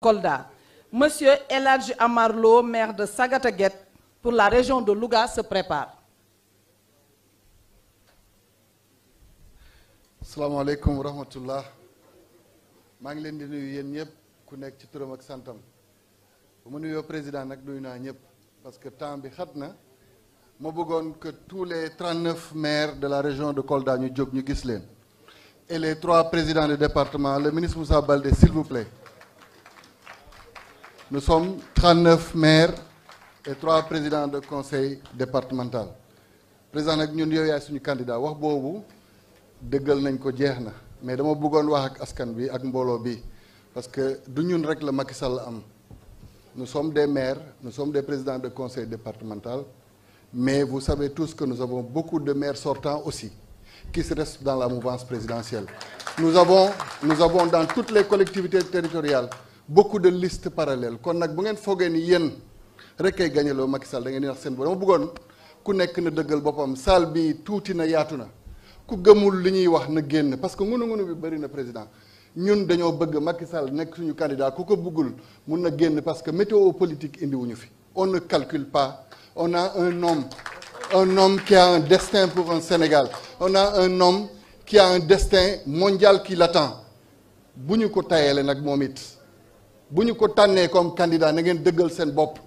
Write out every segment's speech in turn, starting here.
Kolda. Monsieur Eladji Amarlo, maire de Sagataguet, pour la région de Louga, se prépare. salaamaaleykum wa rahmatullah maa ngi leen di nuyu yéen ñëpp ku nekk ci turam santam bu ma nuyoo président nag nuyu naa ñëpp parce que temps bi xat na ma bëggoon que tous les 39 maires de la région de Kolda ñu jóg ñu gis leen et les trois présidents de département le ministre Moussa Baldé s'il vous some sommes 39 maire et 3 présidents de conseil départemental président nag ñun yow yaay suñu candidat wax boobu dëggal nañ ko jeex na mais dama bëggoon wax ak askan bi ak mbooloo bi parce que du ñun rek la Macky Sall am nous sommes des maire nous sommes des présidents de conseil départemental mais vous savez tous que nous avons beaucoup de maire sortants aussi qui se restent dans la mouvance présidentielle nous avons nous avons dans toutes les collectivités territoriales beaucoup de listes parallèles kon nag bu ngeen foogee ni yéen rek kay gañaloo Macky Sall da ngeen di wax seen bopp dama bëggoon ku nekk na dëggal boppam salle bi tuuti na yaatu na ku gëmul li ñuy wax na génn parce que ngunu ngunu bi bëri na président ñun dañoo bëgg Macky Sall nekk suñu candidat ku ko bëggul mun na génn parce que météo politique indiwuñu fi on ne calcule pas on a un homme un homme qui a un destin pour un Sénégal on a un nom qui un destin mondial qui l'attend bu ñu ko tayalee nag moom it bu ñu ko tànnee comme candidat na ngeen dëggal seen bopp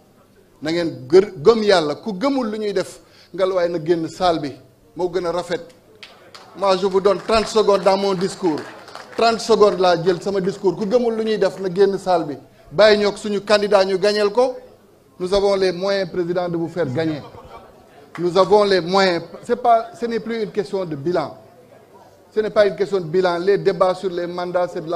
na ngeen gër gëm yàlla ku gëmul lu ñuy def ngelawaay na génn salle bi moo gën a rafet moi je vous donne 30 secondes dans mon discours 30 secondes laa jël sama discours ku gëmul lu ñuy def na génn salle bi bàyyi ñoo suñu candidat ñu gañeel ko nous avons les moyens président de vous faire gagner nous avons les moyen c'est pas ce n'est plus une question de bilan ce n'est pas une question de bilan les débats sur les mandats c'est de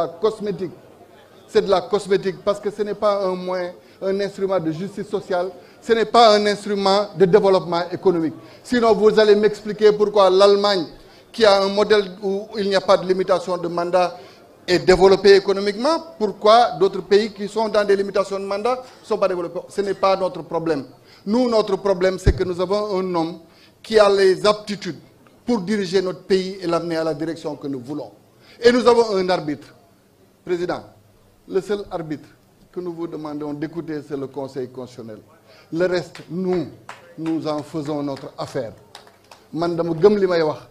c'est de la cosmétique parce que ce n'est pas un moyen, un instrument de justice sociale, ce n'est pas un instrument de développement économique. Sinon, vous allez m'expliquer pourquoi l'Allemagne, qui a un modèle où il n'y a pas de limitation de mandat, est développée économiquement, pourquoi d'autres pays qui sont dans des limitations de mandat ne sont pas développés problème. Nous, notre problème, c'est que nous avons un homme qui a les aptitudes pour diriger notre pays et l'amener à la direction que nous voulons. Et président, Le seul arbitre que nous vous demandons d'écouter, c'est le Conseil constitutionnel. Le reste, nu nous en faisons notre affaire. man dama gëm li may wax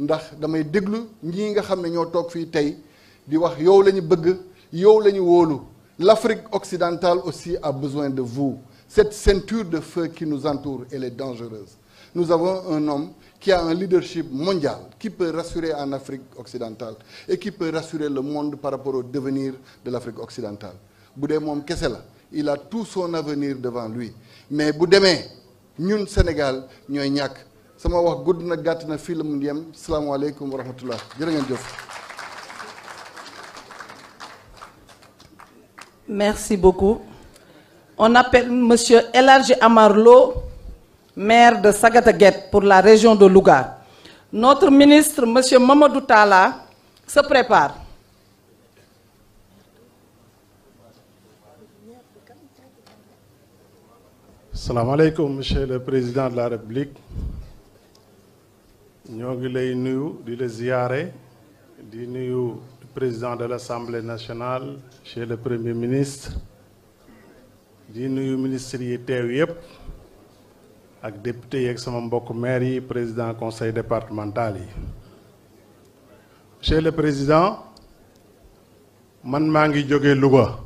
ndax damay déglu ñii nga xam ne ñoo toog fii tey di wax yow la ñu bëgg yow la ñu wóolu l'Afrique occidentale aussi a besoin de vous cette ceinture de feu qui nous entoure elle est dangereuse nous avons un homme qui a un leadership mondial, qui peut en Afrique occidentale et qui rassurer le monde par rapport au devenir de l'Afrique occidentale. Boudé Mom Kessela, il a tout son avenir devant lui. Mais bu demee ñun Sénégal ñooy ñàkk sama wax gudd na gàtt na fii la mu yem salaamaaleykum wa rahmatullah jërë ngeen jëf. beaucoup. On appelle Amar Lo. maire de Sagataguet pour la région de Louga. Notre ministre, M. Mamadou Tala, se prépare. Salam alaikum, Monsieur le Président de la République. ñoo ngi lay nuyu di la ziyaare di nuyu président de l'Assemblée nationale chez le premier ministre di nuyu ministre yi teew yépp ak député yeeg sama mbokk maire yi président conseil départemental yi monsieur le président man maa ngi jóge Louga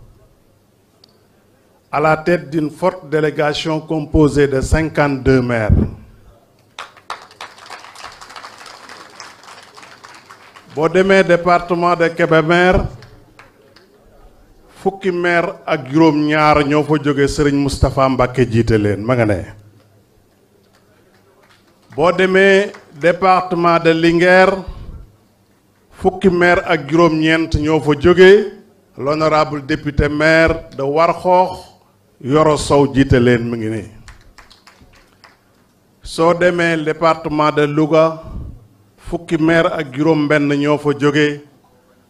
à la tête d'une forte délégation composée de cinquante deux maires boo demee département de Kébémer fukki maire ak juróom ñaar ñoo fa jóge Serigne Moustapha Mbacké jiite leen ma nga ne boo demee département de Linguère fukki maire ak juróom-ñeent ñoo fa jóge l'honorable député maire de Warxoox Yoro Sow jiite leen mu ngi nii soo demee département de Louga fukki maire ak juróom-benn ñoo fa jóge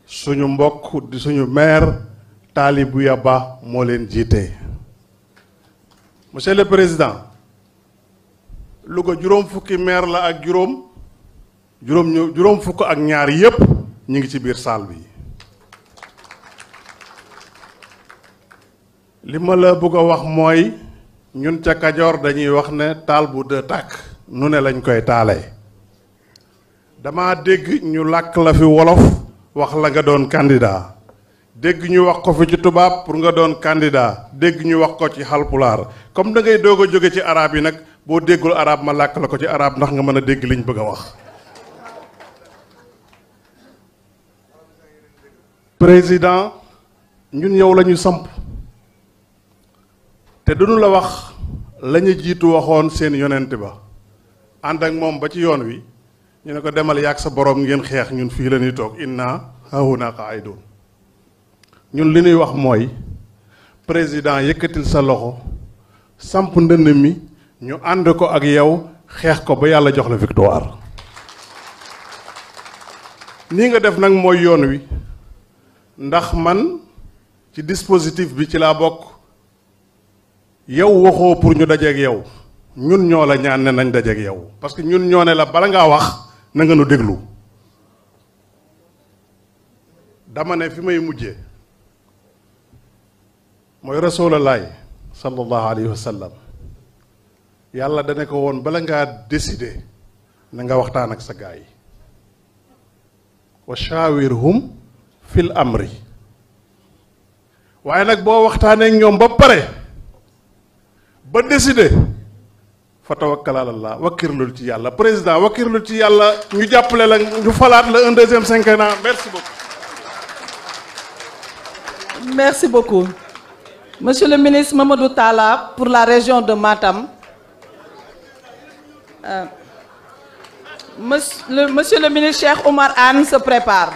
suñu mbokk di suñu maire Talibouya Ba moo leen jiite monsieur le président Louga juróom fukki maire la ak juróom juróom fukk ak ñaar yépp ñu ngi ci biir saal bi li ma la bëgg a wax mooy ñun ca Kajoor dañuy wax ne taal bu dë tàkk nu ne lañ koy taalee dama dégg ñu làkk la fi wolof wax la nga doon kandidaa dégg ñu wax ko fi ci tubaab pour nga doon candidat dégg ñu wax ko ci xalpulaar comme da ngay doog a jóge ci araab yi nag boo déggul araab ma làkk la ko ci arab ndax nga mën a dégg liñ bëgg a wax président ñun yow la ñu samp te duñu la wax la jiitu waxoon seen yonent ba ànd ak moom ba ci yoon wi ñu ne ko demal yàgg sa boroom ngeen xeex ñun fii la ñuy toog inna hahuna qaidun ñun li ñuy wax mooy président yëkkatil sa loxo samp ndënd mi ñu ànd ko ak yow xeex ko ba yàlla jox la victoire ni nga def nag mooy yoon wi ndax man ci dispositif bi ci laa bokk yow waxoo pour ñu dajeeg yow ñun ñoo la ñaan ne nañ dajeeg yow parce que ñun ñoo ne la bala ngaa wax na nga déglu dama ne fi may mujjee mooy rasulalaay sallallahu alayhi wa sallam yàlla dane ko woon bala ngaa désidé na nga waxtaan ak sa gaa yi wa shaawirhum fil amri waaye nag boo waxtaanee ñoom ba pare ba décider fa tawakkal alallah wakkirlul ci yàlla président wakkirlul ci yàlla ñu jàppale la ñu falaat la un deuxième cinquante ans merci beaucoup Monsieur le ministre Mamadou Tala, pour la région de Matam, euh, monsieur, le, monsieur, le, ministre Cheikh Omar Anne se prépare.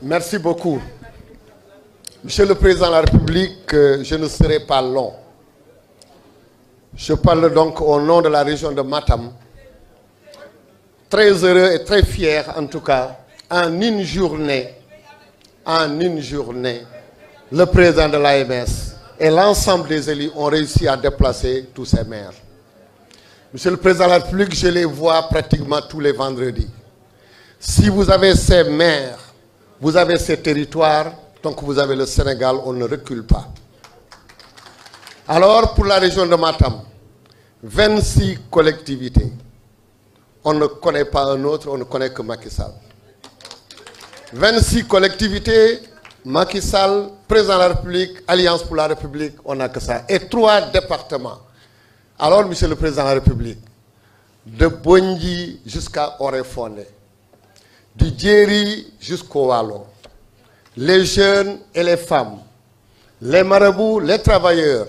Merci beaucoup. Monsieur le Président de la République, euh, je ne serai pas long. Je parle donc au nom de la région de Matam. Très heureux et très fier, en tout cas, en une journée, en une journée, de l'AMS et l'ensemble des élus ont réussi à déplacer tous ces maires. Monsieur le Président de les vois pratiquement tous les vendredis. Si vous avez ces maires, vous avez ces territoires, donc vous avez Sénégal, on ne pas. Alors, pour la région de Matam, 26 collectivités. On ne connaît pas un autre, on ne 26 collectivités, Macky Sall, président de la République, Alliance pour la République, on n'a que ça. Et trois départements. Alors, monsieur le président de la République, de Bondy jusqu'à Orefoné, du Djeri jusqu'au Wallon, les jeunes et les femmes, les marabouts, les travailleurs,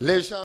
les gens.